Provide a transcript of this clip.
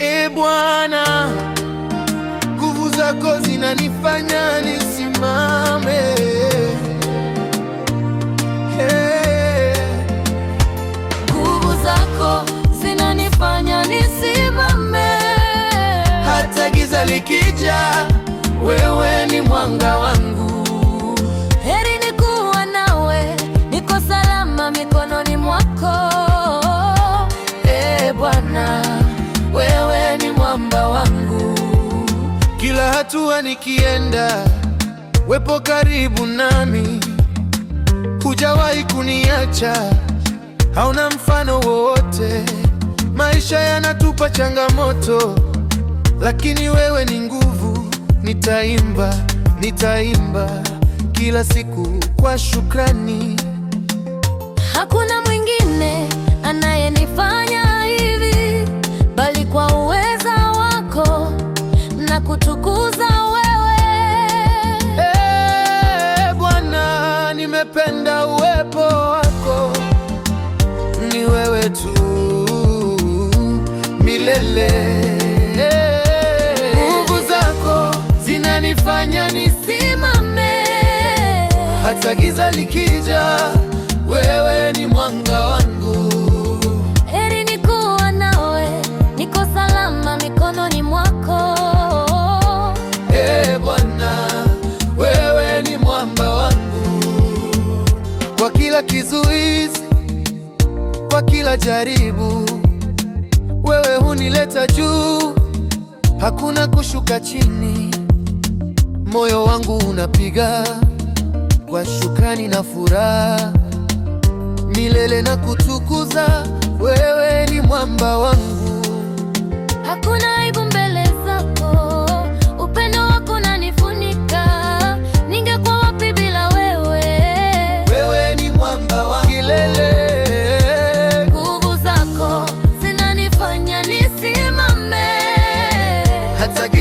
E Bwana, nguvu zako zinanifanya nisimame. Nguvu hey, zako zinanifanya nisimame. Hata giza likija, wewe ni mwanga wangu. hatua nikienda, wepo karibu nami, hujawahi kuniacha, hauna mfano wowote. Maisha yanatupa changamoto, lakini wewe ni nguvu. Nitaimba, nitaimba kila siku kwa shukrani, hakuna mwingine ana nimependa uwepo wako, ni wewe tu milele. Nguvu zako zinanifanya nisimame, hata giza likija, wewe ni mwanga wangu. Heri nikuwa nawe, niko salama mikononi mwako. kila kizuizi, kwa kila jaribu, wewe hunileta juu, hakuna kushuka chini. Moyo wangu unapiga kwa shukrani na furaha, milele na kutukuza, wewe ni mwamba wangu. that's a